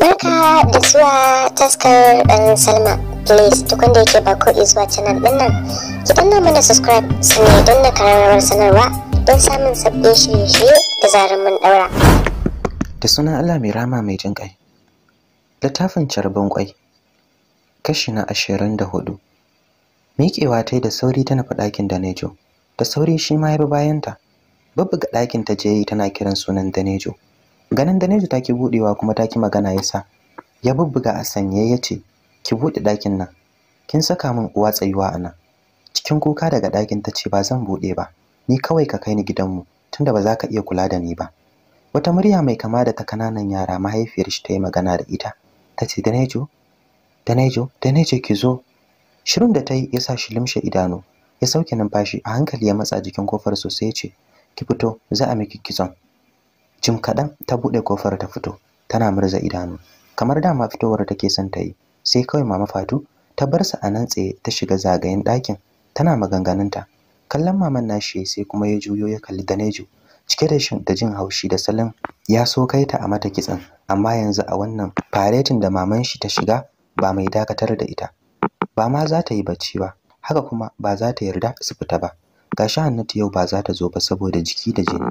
Barka da zuwa taskar ɗan Salma. Please duk wanda yake ba ko zuwa canal ɗin nan, ki danna mana subscribe su ne don na kararrawar sanarwa don samun sabbin shirye-shirye da zarar mun ɗaura. Da sunan Allah mai rama mai jin ƙai. Littafin carbin ƙwai. Kashi na ashirin da hudu. miƙewa ta yi da sauri ta fi ɗakin Danejo. Da sauri shi ma ya bi bayanta. ga ɗakin ta je tana kiran sunan Danejo. Ganin Danejo ta ki buɗewa kuma ta ki magana ya sa. Ya bubbuga a sanye ya ce, Ki buɗe ɗakin nan. Kin saka min uwa tsayuwa a nan. Cikin kuka daga ɗakin ta ce ba zan buɗe ba. Ni kawai ka kai ni gidanmu tunda ba za ka iya kula da ni ba. Wata murya mai kama da ta kananan yara mahaifiyar shi ta yi magana da ita. Ta ce, Danejo, Danejo, Danejo ki zo, Shirin da ta yi ya sa shi limshe idanu, ya sauke numfashi a hankali ya matsa jikin kofar sosai ya ce, Ki fito, za a miki kitson. Jim kaɗan ta buɗe kofar ta fito, tana murza idanu. Kamar dama fitowar take son ta yi, sai kawai Mama Fatu ta bar sa a nan tsaye ta shiga zagayen ɗakin, tana maganganunta. Kallon maman nashi sai kuma ya juyo ya kalli Danejo, cike da shin da jin haushi da salon ya so kai ta a mata kitson, amma yanzu a wannan faretin da maman shi ta shiga ba mai dakatar da ita. ba ma za ta yi bacci ba haka kuma ba za ta yarda su fita ba gashi Hannatu yau ba za ta zo ba saboda jiki da jini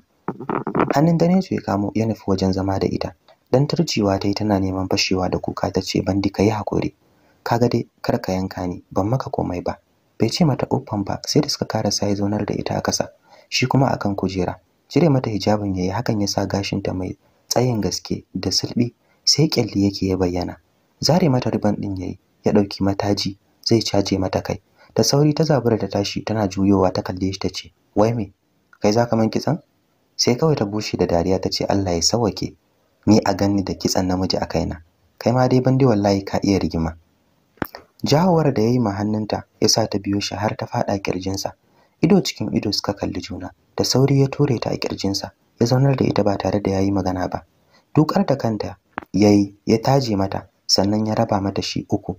hannun ganin su ya kamo ya nufi wajen zama da ita dan turciwa ta yi tana neman fashewa da kuka ta ce bandi ka yi hakuri kaga dai kar ka yanka ni ban maka komai ba bai ce mata uffan ba sai da suka kara ya zaunar da ita a kasa shi kuma akan kujera cire mata hijabin yayi hakan ya sa ta mai tsayin gaske da sulbi sai kyalli yake ya bayyana zare mata riban din yayi ya dauki mataji zai caje mata kai da sauri ta zabura ta tashi tana juyowa ta kalle shi tace wai me kai zaka man kitsan sai kawai ta bushe da dariya tace Allah ya sawake ni a ganni da kitsan namiji a kaina kai ma dai bandi wallahi ka iya rigima Jahawar da yayi ma hannunta sa ta biyo shi har ta fada kirjinsa ido cikin ido suka kalli juna da sauri ya ture ta a kirjinsa ya zaunar da ita ba tare da yayi magana ba dukar da kanta yayi ya taje mata sannan ya raba mata shi uku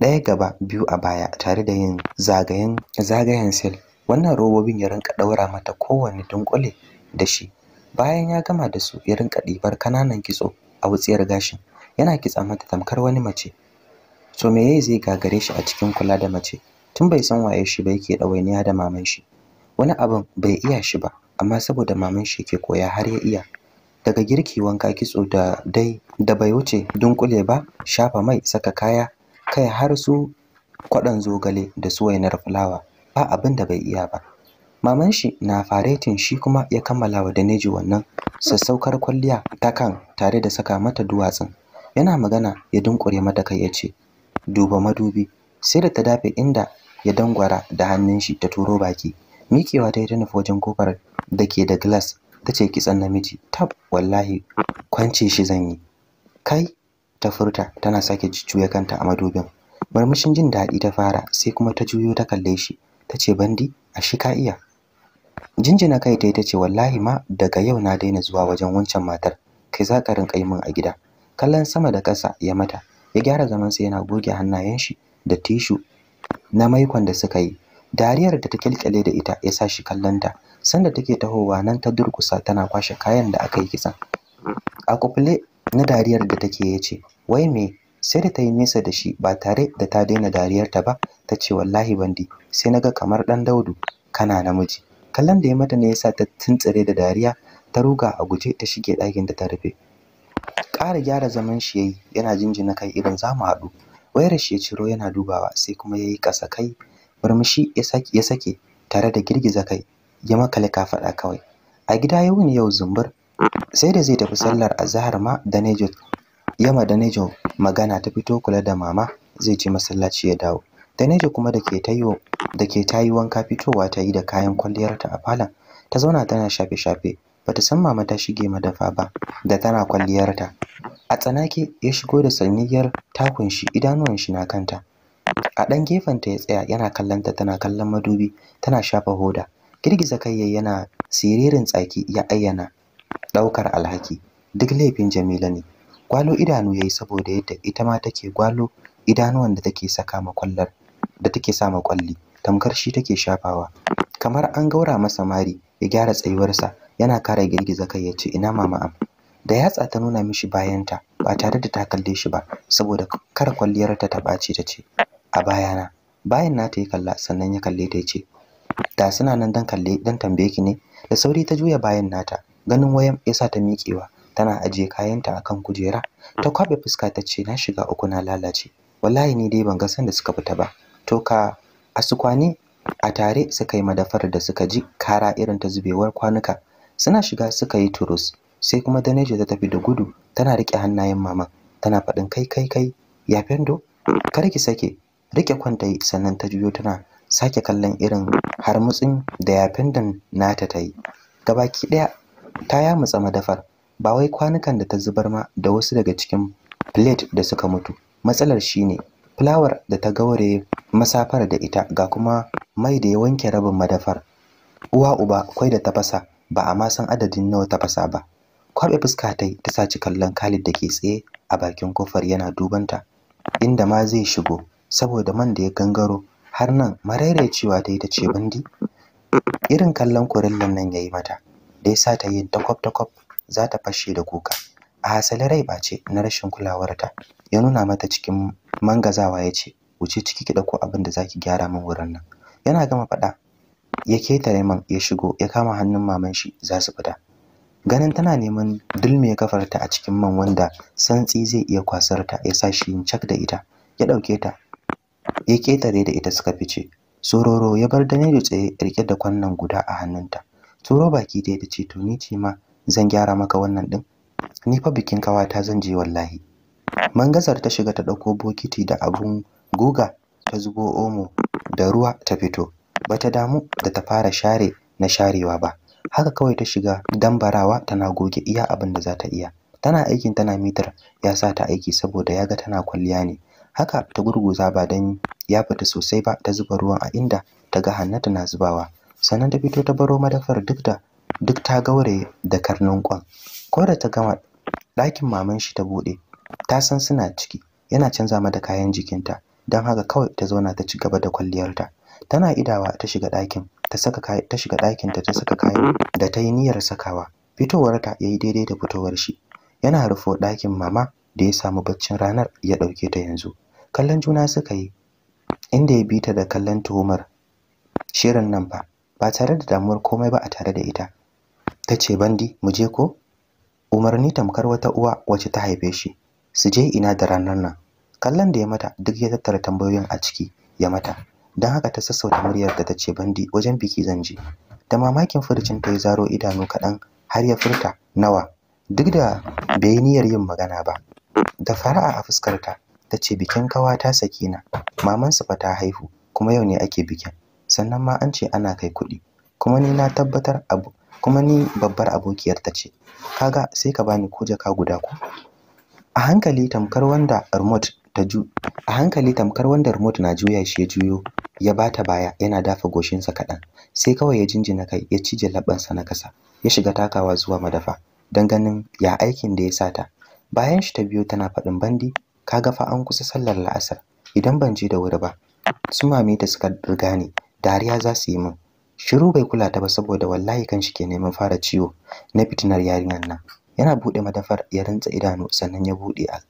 ɗaya gaba biyu a baya tare da yin zagayen zagayen sel wannan robobin ya rinka ɗaura mata kowane dunkule da shi bayan ya gama da su ya rinka ɗibar kananan kitso a wutsiyar gashin yana kitsa mata tamkar wani mace me ya zai gagare shi a cikin kula da mace tun bai san waye shi ba yake ɗawainiya da maman shi wani abin bai iya shi ba amma saboda maman shi ke koya har ya iya daga girki wanka kitso da dai da bai wuce dunkule ba shafa mai saka kaya kai har su kwaɗon zogale da su wainar fulawa ba abin da bai iya ba maman shi na faretin shi kuma ya kammala wa neji wannan sassaukar kwalliya ta kan tare da saka mata duwatsun yana magana ya dunkure mata kai ya duba madubi sai da ta dafe inda ya dangwara da hannun shi ta turo baki mikewa ta yi ta nufi wajen kofar da ke da glass ta ce kitsan namiji tab wallahi kwance shi zan yi kai ta furta tana sake jujjuya kanta a madubin murmushin jin daɗi ta fara sai kuma ta juyo ta kalle shi tace bandi a shi ka iya jinjina kai ta ce wallahi ma daga yau na daina zuwa wajen wancan matar kai za ka rinka yi min a gida kallon sama da ƙasa ya mata ya gyara zaman sa yana goge hannayen shi da tishu na maikon da suka yi dariyar da ta kyalkyale da ita ya sa shi kallon ta sanda take tahowa nan ta durkusa tana kwashe kayan da aka yi kisan a kufle na dariyar da take ya ce wai me sai da ta yi nesa da shi ba tare da ta daina dariyarta ba ta ce wallahi bandi sai na ga kamar ɗan daudu kana namiji kallon da ya mata ne yasa ta tuntsare da dariya ta ruga a guje ta shige ɗakin da ta rufe ƙara gyara zaman shi yayi yana jinjina kai irin za mu haɗu wayar shi ya ciro yana dubawa sai kuma yayi ƙasa kai murmushi ya sake tare da girgiza kai ya makale ka faɗa kawai a gida ya wuni yau zumbur sai da zai tafi sallar azahar ma danejo yama danejo magana ta fito kula da mama zai je masallaci ya dawo danejo kuma da ke tayo da tayi wanka fitowa ta yi da kayan kwalliyarta a falon ta zauna tana shafe shafe bata san mama ta shige madafa ba da tana kwalliyarta a tsanake ya shigo da sanyayyar takun shi idanuwan shi na kanta a ɗan ta ya tsaya yana kallon ta tana kallon madubi tana shafa hoda girgiza kai yana siririn tsaki ya ayyana ɗaukar alhaki duk laifin Jamila ne gwalo idanu yayi saboda yadda ita ma take gwalo idanuwan da take saka ma kwallar da take sa ma kwalli tamkar shi take shafawa kamar an gaura masa mari ya gyara tsayuwarsa yana kara girgiza kai ya ce ina mama am da yatsa ta nuna mishi bayanta ba tare da ta kalle shi ba saboda kar kwalliyar ta ɓaci ta ce a bayana bayan nata ya kalla sannan ya kalle ta ya ce da suna nan dan kalle dan tambaye ki ne da sauri ta juya bayan nata ganin wayan ya sa ta miƙewa tana ajiye kayanta akan kujera ta kwabe fuska ta ce na shiga uku na lalace wallahi ni dai ban ga sanda suka fita ba to ka asukwane a tare suka yi madafar da suka ji kara irin ta zubewar kwanuka suna shiga suka yi turus sai kuma Danejo ta tafi da gudu tana rike hannayen mama tana faɗin kai kai kai ya fendo kar ki sake rike kwantai sannan ta juyo tana sake kallon irin harmutsin da ya nata ta yi gabaki ɗaya ta yamutsa madafar ba wai kwanukan da ta zubar ma da wasu daga cikin plate da suka mutu matsalar shine fulawar da ta gaure masafar da ita ga kuma mai da ya wanke rabin madafar uwa uba kwai da tafasa ba a ma san adadin nawa tafasa ba Kwabe fuska ta ta saci kallon Khalid da ke tsaye a bakin kofar yana dubanta inda ma zai shigo saboda man da ya gangaro har nan cewa ta yi ta ce bandi irin kallon kurillan nan yayi mata da ya sa ta yin takwab-takwab za ta fashe da kuka. A hasali rai ba ce na rashin kulawarta, ya nuna mata cikin mangazawa ya ce, wuce ciki ki ko abin da za ki gyara min wurin nan. Yana gama faɗa, ya keta Raymond ya shigo ya kama hannun maman shi za su fita. Ganin tana neman dulmiya kafarta a cikin man wanda santsi zai iya kwasar ta ya sa shi yin cak da ita, ya ɗauke ta, ya ketare da ita suka fice. Sororo ya bar da tsaye rike da kwannan guda a hannunta. tsoro baki da ce to ni ce ma zan gyara maka wannan ɗin. ni fa bikin kawata zan je wallahi mangazar ta shiga ta ɗauko bokiti da abun guga ta zubo omo da ruwa ta fito bata damu da ta fara share na sharewa ba haka kawai ta shiga dambarawa tana goge iya abin da za ta iya tana aikin tana mitar ya sa ta aiki saboda ya ga tana kwalliya ne haka ta gurguza ba dan ya fita sosai ba ta zuba ruwan a inda ta ga hannata na zubawa sannan ta fito ta baro madafar duk da duk ta gauraye da karnin kwan ko da ta gama ɗakin maman shi ta buɗe ta san suna ciki yana canza mata kayan jikinta don haka kawai ta zauna ta ci gaba da kwalliyarta tana idawa ta shiga ɗakin ta saka ta shiga ɗakin ta saka kayan da ta yi niyyar sakawa fitowar ta yayi daidai da fitowar shi yana rufo ɗakin mama da ya samu baccin ranar ya ɗauke ta yanzu kallon juna suka yi inda ya bi ta da kallon tuhumar shirin nan fa ba tare da damuwar komai ba a tare da ita ta ce bandi mu je ko umarni tamkar wata uwa wacce ta haife shi su je ina da ranar nan kallon da ya mata duk ya tattara tambayoyin a ciki ya mata don haka ta sassauta muryar da ta ce bandi wajen biki zan je da mamakin furcin ta yi zaro idanu kaɗan har ya furta nawa duk da bai niyyar yin magana ba da fara'a a fuskarta ta ce bikin kawa ta sakina mamansu fa ta haihu kuma yau ne ake bikin sannan ma an ce ana kai kuɗi kuma ni na tabbatar abu kuma ni babbar abokiyar ta ce kaga sai ka bani ko jaka guda ko a hankali tamkar wanda remote ta ju a hankali tamkar wanda remote na juya shi ya juyo ya bata baya yana dafa goshinsa kaɗan sai kawai ya jinjina kai ya cije labansa na kasa ya shiga takawa zuwa madafa don ganin ya aikin da ya sata bayan shi ta biyo tana faɗin bandi kaga fa an kusa sallar la'asar idan ban je da wuri ba su mame ta suka riga ni dariya za su yi min shiru bai kula ta ba saboda wallahi kan shi ke neman fara ciwo na fitinar yarinyar nan yana buɗe madafar ya rantsa idanu sannan ya buɗe al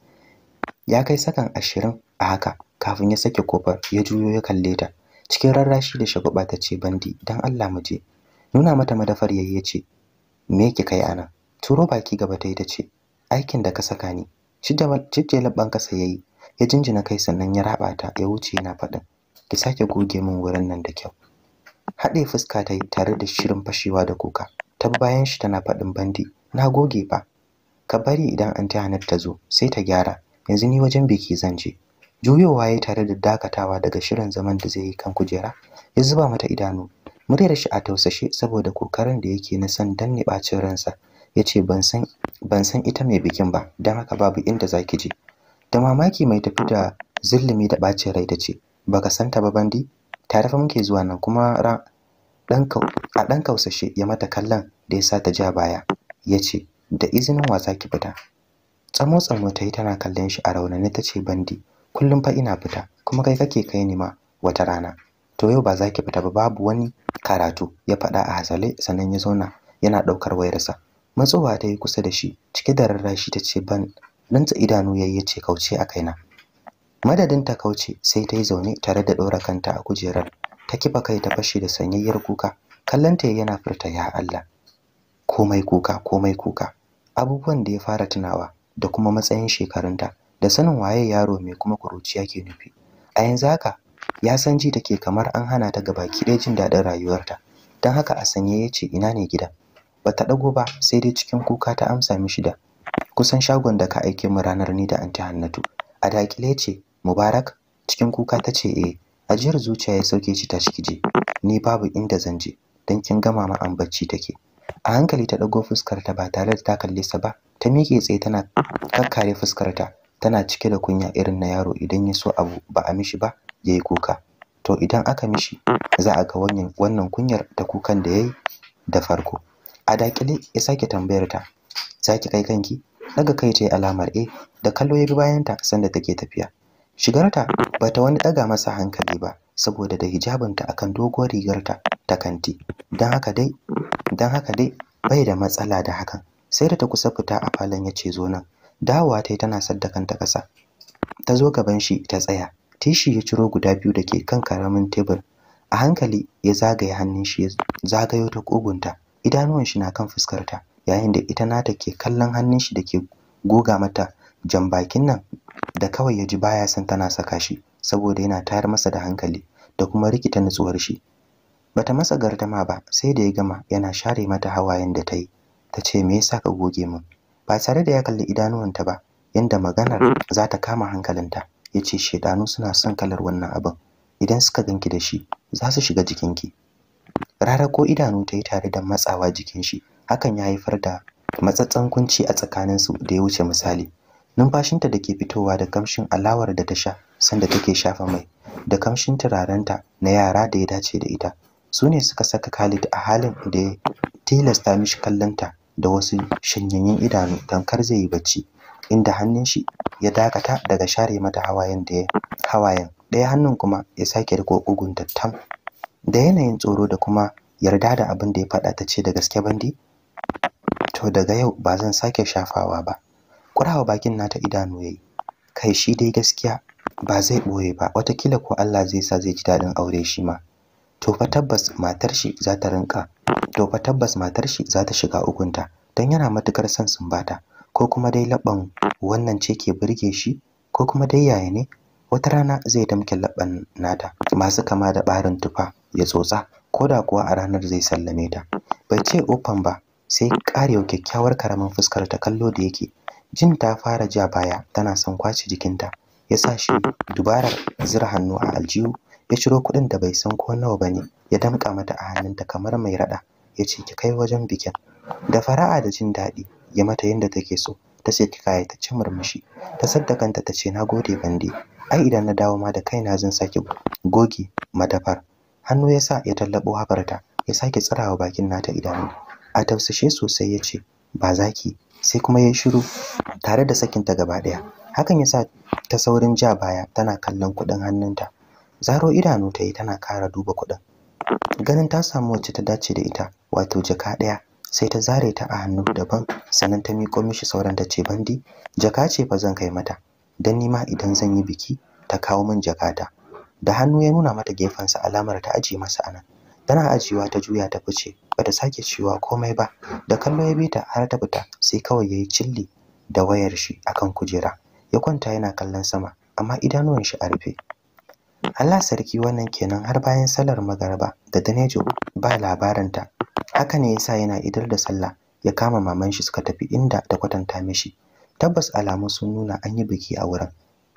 ya kai sakan ashirin a haka kafin ya sake kofar ya juyo ya kalle ta cikin rarrashi da shagwaba ta ce bandi dan Allah mu je nuna mata madafar yayi ya ce me yake kai ana turo baki gaba ta yi ta ce aikin da ka saka ni cijje labban kasa yayi ya jinjina kai sannan ya raba ta ya wuce yana faɗin ki sake goge min wurin nan da kyau haɗe fuska ta yi tare da shirin fashewa da kuka ta bayan shi tana faɗin bandi na goge fa ka bari idan anti hanif ta zo sai ta gyara yanzu ni wajen biki zan je juyowa ya tare da dakatawa daga shirin zaman da zai yi kan kujera ya zuba mata idanu muryar shi a tausashe saboda kokarin da yake na san danne bacin ransa ya ce ban san ita mai bikin ba don haka babu inda za ki je da mamaki mai tafi da zulumi da bacin rai ta ce baka santa ba bandi tare fa muke zuwa nan kuma a ɗan kausashe ya mata kallon da ya sa ta ja baya yace da izinin wasa ki fita tsamo tsamo ta yi tana kallon shi a raunane ta ce bandi kullum fa ina fita kuma kai kake kai ni ma wata rana to yau ba za ki fita ba babu wani karatu ya faɗa a hasale sannan ya zauna yana ɗaukar wayarsa matsowa ta yi kusa da shi cike da rarrashi ta ce ban ɗanta idanu yi ya ce kauce a kaina madadin ta kauce sai ta yi zaune tare da ɗora kanta a kujerar ta kifa kai ta fashe da sanyayyar kuka kallanta yana furta ya Allah komai kuka komai kuka abubuwan da ya fara tunawa da kuma matsayin shekarunta da sanin waye yaro mai kuma kuruciya ke nufi a yanzu haka ya san ji take kamar an hana ta gaba ki jin daɗin rayuwarta don haka a sanye ya ce ina ne gida bata ɗago ba sai dai cikin kuka ta amsa mishi da kusan shagon da ka aike mu ranar ni da anti Hannatu a dakile ce Mubarak? Cikin kuka ta ce eh. Ajiyar zuciya ya sauke shi tashi kije. Ni babu inda zan je dan kin gama ma an bacci take. A hankali ta dago fuskar ta ba tare da ta kalle sa ba. Ta miƙe tsaye tana kakkare fuskarta, Tana cike da kunya irin na yaro idan ya so abu ba a mishi ba yayi kuka. To idan aka mishi za a ga wannan wannan kunyar da kukan da yayi da farko. A dakile ya sake tambayar ta. Zaki kai kanki? Daga kai ta yi alamar eh da kallo ya bi bayan ta sanda take tafiya. Shigarta ba ta wani ɗaga masa hankali ba saboda da hijabinta akan doguwar rigarta ta kanti. dan haka dai, dan haka dai bai da matsala da hakan. Sai da ta kusa fita a falon ya ce zo nan. Dawowa ta tana tana saddakanta ƙasa. Ta zo gaban shi ta tsaya. Tishi ya ciro guda biyu da ke kan karamin tebur. A hankali ya zagaye hannun shi ya zagayo ta ƙugunta. Idanuwan shi na kan fuskarta yayin da ita nata ke kallon hannun shi da ke goga mata jan bakin nan da kawai ya ji baya san tana saka shi saboda yana tayar masa da hankali da kuma rikita nutsuwar shi bata masa gardama ba sai da ya gama yana share mata hawayen da ta yi ta ce me yasa ka goge min ba tare da ya kalli idanuwanta ba yanda maganar za ta kama hankalinta ya ce shedanu suna son kalar wannan abin idan suka ganki da shi za su shiga jikinki rara ko idanu ta yi tare da matsawa jikin shi hakan ya haifar da matsatsan kunci a tsakaninsu da ya wuce misali numfashinta da ke fitowa da kamshin alawar da ta sha sanda take shafa mai da kamshin turarenta na yara da ya dace da ita su ne suka saka Khalid a halin da ya tilasta mishi kallonta da wasu shanyayyen idanu don kar zai yi bacci inda hannun shi ya dakata daga share mata hawayen da ya hawayen ɗaya hannun kuma ya sake riko kugun tattam da yanayin tsoro da kuma yarda da abin da ya faɗa ta ce da gaske bandi to daga yau ba zan sake shafawa ba kurawa bakin nata idanu yayi kai shi dai gaskiya ba zai boye ba watakila ko Allah zai sa zai ji dadin aure shi ma to fa tabbas matar shi za ta rinka to fa tabbas matar shi za ta shiga ukunta dan yana matukar son sumbata ko kuma dai labban wannan ce ke burge shi ko kuma dai yaya ne wata rana zai damke labban nata masu kama da barin tufa ya tsotsa koda kuwa a ranar zai sallame ta bai ce ofan ba sai karewa kyakkyawar karamin fuskar ta kallo da yake jin ta fara ja baya tana son kwace jikinta ya sa shi dubarar zira hannu a aljihu ya ciro kuɗin da bai san ko nawa ba ne ya damƙa mata a hannunta kamar mai raɗa ya ce ki kai wajen bikin da fara'a da jin daɗi ya mata yadda take so ta ce kaya ta ci murmushi ta sadda kanta ta ce na gode bande ai idan na dawo ma da kaina zan sake goge madafar hannu ya sa ya tallabo habarta ya sake tsirawa bakin nata idanu a tausashe sosai ya ce ba zaki sai kuma yayi shiru tare da sakinta gaba daya hakan sa ta saurin ja baya tana kallon kuɗin hannunta zaro idanu ta yi tana kara duba kuɗin ganin ta samu wacce ta dace da ita wato jaka ɗaya, sai ta zare ta a hannu daban sannan ta miƙo mishi sauran ta ce bandi jaka ce fa zan kai mata dan ni ma idan zan yi biki ta kawo min jakata da hannu ya nuna mata gefensa alamar ta aje masa anan tana ajiyewa ta juya ta fice bata sake cewa komai ba da kallo ya bita har ta fita sai kawai yayi cilli da wayar shi akan kujera ya kwanta yana kallon sama amma idanuwan shi a rufe Allah sarki wannan kenan har bayan sallar magaraba da Danejo ba ta haka ne yasa yana idar da sallah ya kama maman shi suka tafi inda ta kwatanta mishi tabbas alamu sun nuna an yi biki a wurin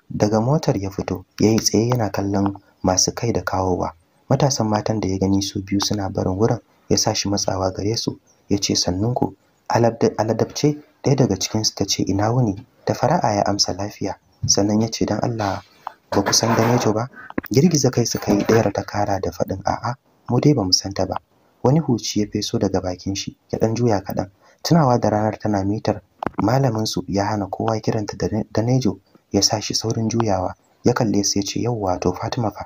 daga motar ya fito yayi tsaye yana kallon masu kai da kawowa matasan matan da ya gani su biyu suna barin wurin ya sa shi matsawa gare su ya ce sannunku aladabce ɗaya daga cikinsu ta ce ina wuni da fara'a ya amsa lafiya sannan ya ce don allah ba ku san ganejo ba girgiza kai su kai ɗayar ta kara da faɗin a'a mu dai ba mu ta ba wani huci ya feso daga bakin shi ya ɗan juya kaɗan tunawa da ranar tana mitar malamin su ya hana kowa kiranta da nejo ya sa shi saurin juyawa ya kalle su ce yau wato fatima fa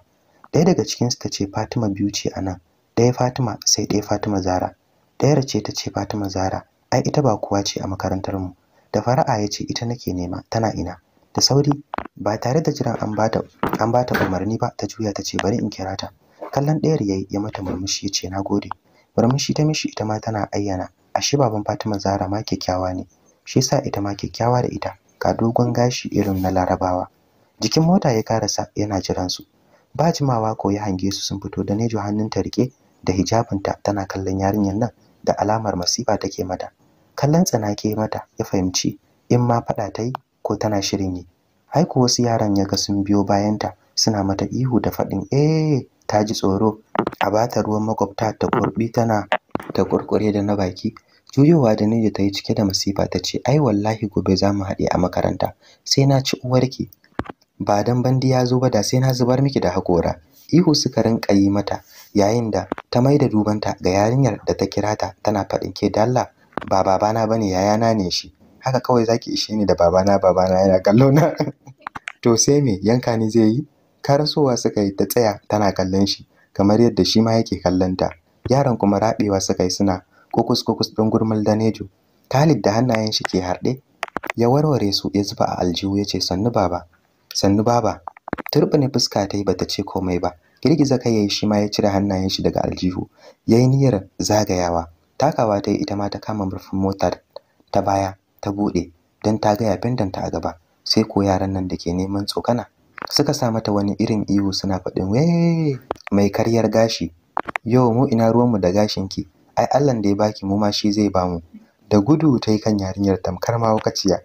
ɗaya daga cikinsu ta ce fatima biyu ce a nan ɗaya fatima sai ɗaya fatima zara ɗayar ce ta ce fatima zara ai ita ba kowa ce a makarantar mu da fara'a ya ce ita nake nema tana ina da sauri ba tare da jiran an bata an bata umarni ba ta juya ta ce bari in kira ta kallon ɗayar yayi ya mata murmushi ya ce nagode murmushi ta mishi ita ma tana ayyana ashe baban fatima zara ma kyakkyawa ne shi yasa ita ma kyakkyawa da ita ka dogon gashi irin na larabawa jikin mota ya karasa yana jiransu. su ba jimawa ko ya hange su sun fito da nejo ta rike da hijabinta tana kallon yarinyar nan da alamar masifa take mata kallon tsana ke mata ya fahimci in ma faɗa ta yi ko tana shirin yi ko wasu yaran ya ga sun biyo bayanta suna mata ihu da faɗin eh ta ji tsoro a bata ruwan makwabta ta kurbi tana ta kurkure da na baki juyowa da nejo ta yi cike da masifa ta ce ai wallahi gobe za mu haɗe a makaranta sai na ci uwarki ba dan bandi ya zo ba da sai na zubar miki da hakora ihu suka rinka yi mata yayin da ta maida dubanta ga yarinyar da ta kira ta tana faɗin ke dalla ba babana bane yayana ne shi haka kawai zaki ishe ni da babana babana yana kallo na to sai me yanka ni zai yi karasowa suka yi ta tsaya tana kallon shi kamar yadda shi ma yake kallon ta yaran kuma rabewa suka yi suna kokus kokus ɗin gurmul danejo Khalid da hannayen shi ke harɗe ya warware su ya zuba a aljihu ya ce sannu baba sannu baba turbine fuska ta yi bata ce komai ba girgiza kai yayi shi ma ya cire hannayen shi daga aljihu yayi niyyar zagayawa takawa ta yi ita ma ta kama murfin motar ta baya ta bude don ta gaya yafin a gaba sai ko yaran nan da ke neman tsokana suka sa mata wani irin ihu suna faɗin we mai karyar gashi yo mu ina ruwanmu da gashinki ai Allah da ya baki mu ma shi zai bamu da gudu ta yi kan yarinyar tamkar ma wakaciya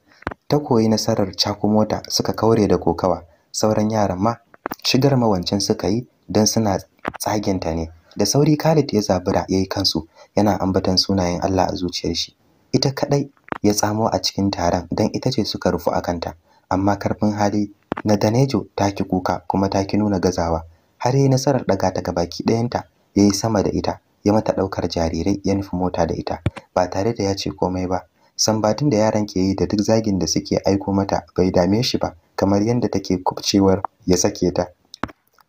ta koyi nasarar cakumota suka kaure da kokawa sauran yaran ma shigar mawancin suka yi don suna tsaginta ne da sauri Khalid ya zabura yi kansu yana ambatan sunayen Allah a zuciyar shi ita kadai ya tsamo a cikin taron don ita ce suka rufu a kanta, amma karfin hali na Danejo ta ki kuka kuma ta ki nuna gazawa har yi nasarar daga ta gabaki ɗayanta yi sama da ita ya mata ɗaukar jarirai ya nufi mota da ita ba tare da ya ce komai ba Sambatin da yaran ke yi da duk zagin da suke aiko mata bai dame shi ba kamar yadda take kubcewar ya sake ta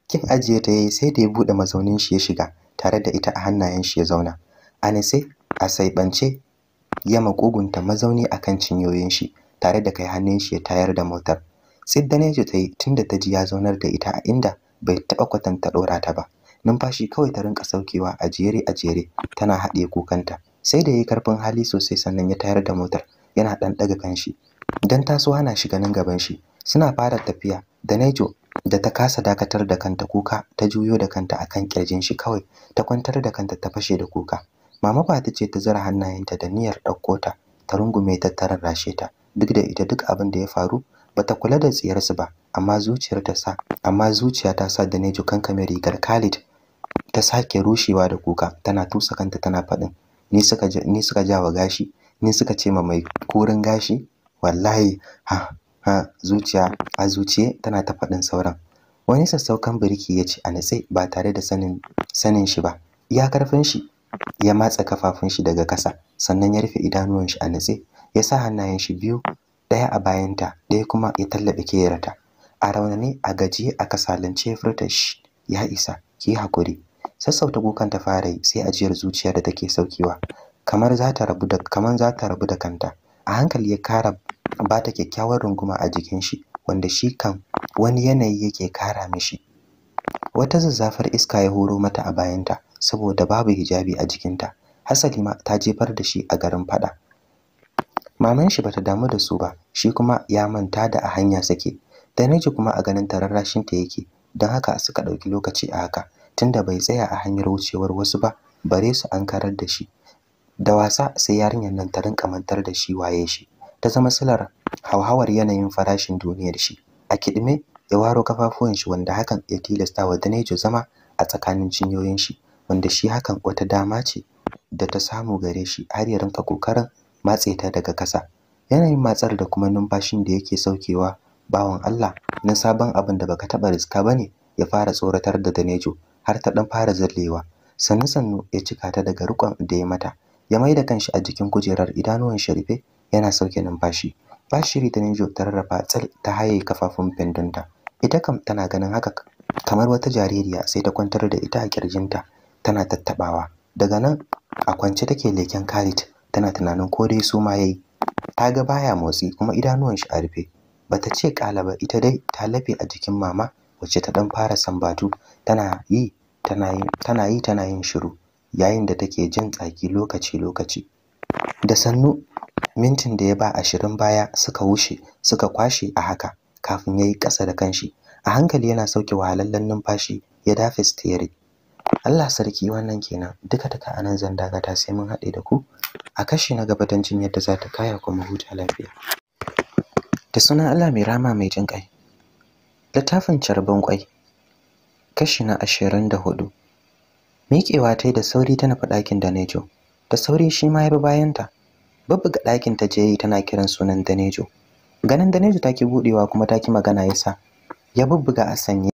kin ajiye ta yayi sai da ya bude mazaunin shi ya shiga tare da ita a hannayen shi ya zauna anise a saibance ya makugunta mazauni akan cinyoyin shi tare da kai hannun shi ya tayar da motar Sai siddanejo ta yi tunda ta ji ya zaunar da ita a inda bai taɓa kwatanta dora ta ba numfashi kawai ta rinka saukewa a jere a jere tana haɗe kukanta sai da yayi karfin hali sosai sannan ya tayar da motar yana dan daga kanshi dan taso hana shi ganin gaban shi suna fara tafiya da Nejo da ta kasa dakatar da kanta kuka ta juyo da kanta akan kirjin shi kawai ta kwantar da kanta ta fashe da kuka mama ba ta ce ta zara hannayenta da niyyar ɗauko ta ta rungume ta ta rarrashe ta duk da ita duk abin da ya faru bata kula da su ba amma zuciyar ta sa amma zuciya ta sa da Nejo kankame rigar Khalid ta sake rushewa da kuka tana tusa kanta tana faɗin ni suka ni suka ja wa gashi ni suka ce ma mai kurin gashi wallahi ha ha zuciya a zuciye tana ta faɗin sauran wani sassaukan birki ya ce a natse ba tare da sanin sanin shi ba ya karfin shi ya matsa kafafun shi daga kasa sannan ya rufe idanuwan shi a natse ya sa hannayen shi biyu daya a bayanta daya kuma ya tallabe kerata a raunane a gajiye a kasalance furta ya isa ki hakuri sassauta kukan ta fara yi sai ajiyar zuciya da take saukewa kamar za ta rabu da kamar za ta rabu da kanta a hankali ya kara ba ta kyakkyawar runguma a jikin shi wanda shi kan wani yanayi yake kara mishi wata zazzafar iska ya horo mata a bayanta saboda babu hijabi a jikinta hasali ma ta jefar da shi a garin fada maman shi bata damu da su ba shi kuma ya manta da a hanya sake da naji kuma a ganin tararrashin ta yake don haka suka ɗauki lokaci a haka tunda bai tsaya a hanyar wucewar wasu ba bare su ankarar da shi da wasa sai yarinyar nan ta rinka mantar da shi waye shi ta zama silar hauhawar yanayin farashin duniyar shi a kidime ya waro kafafuwan shi wanda hakan ya tilasta wa Danejo zama a tsakanin cinyoyin shi wanda shi hakan wata dama ce da ta samu gare shi har ya rinka kokarin matse ta daga kasa yanayin matsar da kuma numfashin da yake saukewa bawan Allah na sabon abin da baka taba riska bane ya fara tsoratar da Danejo har ta dan fara zallewa. sannu sannu ya cika ta daga rukon da ya mata ya mai da kanshi a jikin kujerar idanuwan sharife yana sauke numfashi bashiri ta ninjo ta rarrafa tsal ta haye kafafun bendunta ita kam tana ganin haka kamar wata jaririya sai ta kwantar da ita a kirjinta tana tattabawa daga nan a kwance take leken Khalid tana tunanin ko dai su ma yayi ta ga baya motsi kuma idanuwan shi a rufe bata ce kala ba ita dai ta lafe a jikin mama wacce ta dan fara sambatu tana yi tana yi tana yi tana yin shiru yayin da take jin tsaki lokaci lokaci da sannu mintin da ya ba ashirin baya suka wuce suka kwashe a haka kafin ya yi ƙasa da kanshi a hankali yana sauke wahalallen numfashi ya dafe stiyari Allah sarki wannan kenan duka duka anan zan ta sai mun haɗe da ku a kashi na gaba don jin yadda za ta kaya kuma huta lafiya da sunan Allah mai rama mai jin ƙai littafin carban kwai kashi na ashirin da hudu miƙewa ta da sauri ta fi ɗakin danejo da sauri shi ma ya bi bayanta babbuga ɗakin ta je tana kiran sunan danejo ganin danejo ta ki buɗewa kuma ta ki magana yasa ya bubbuga a sanye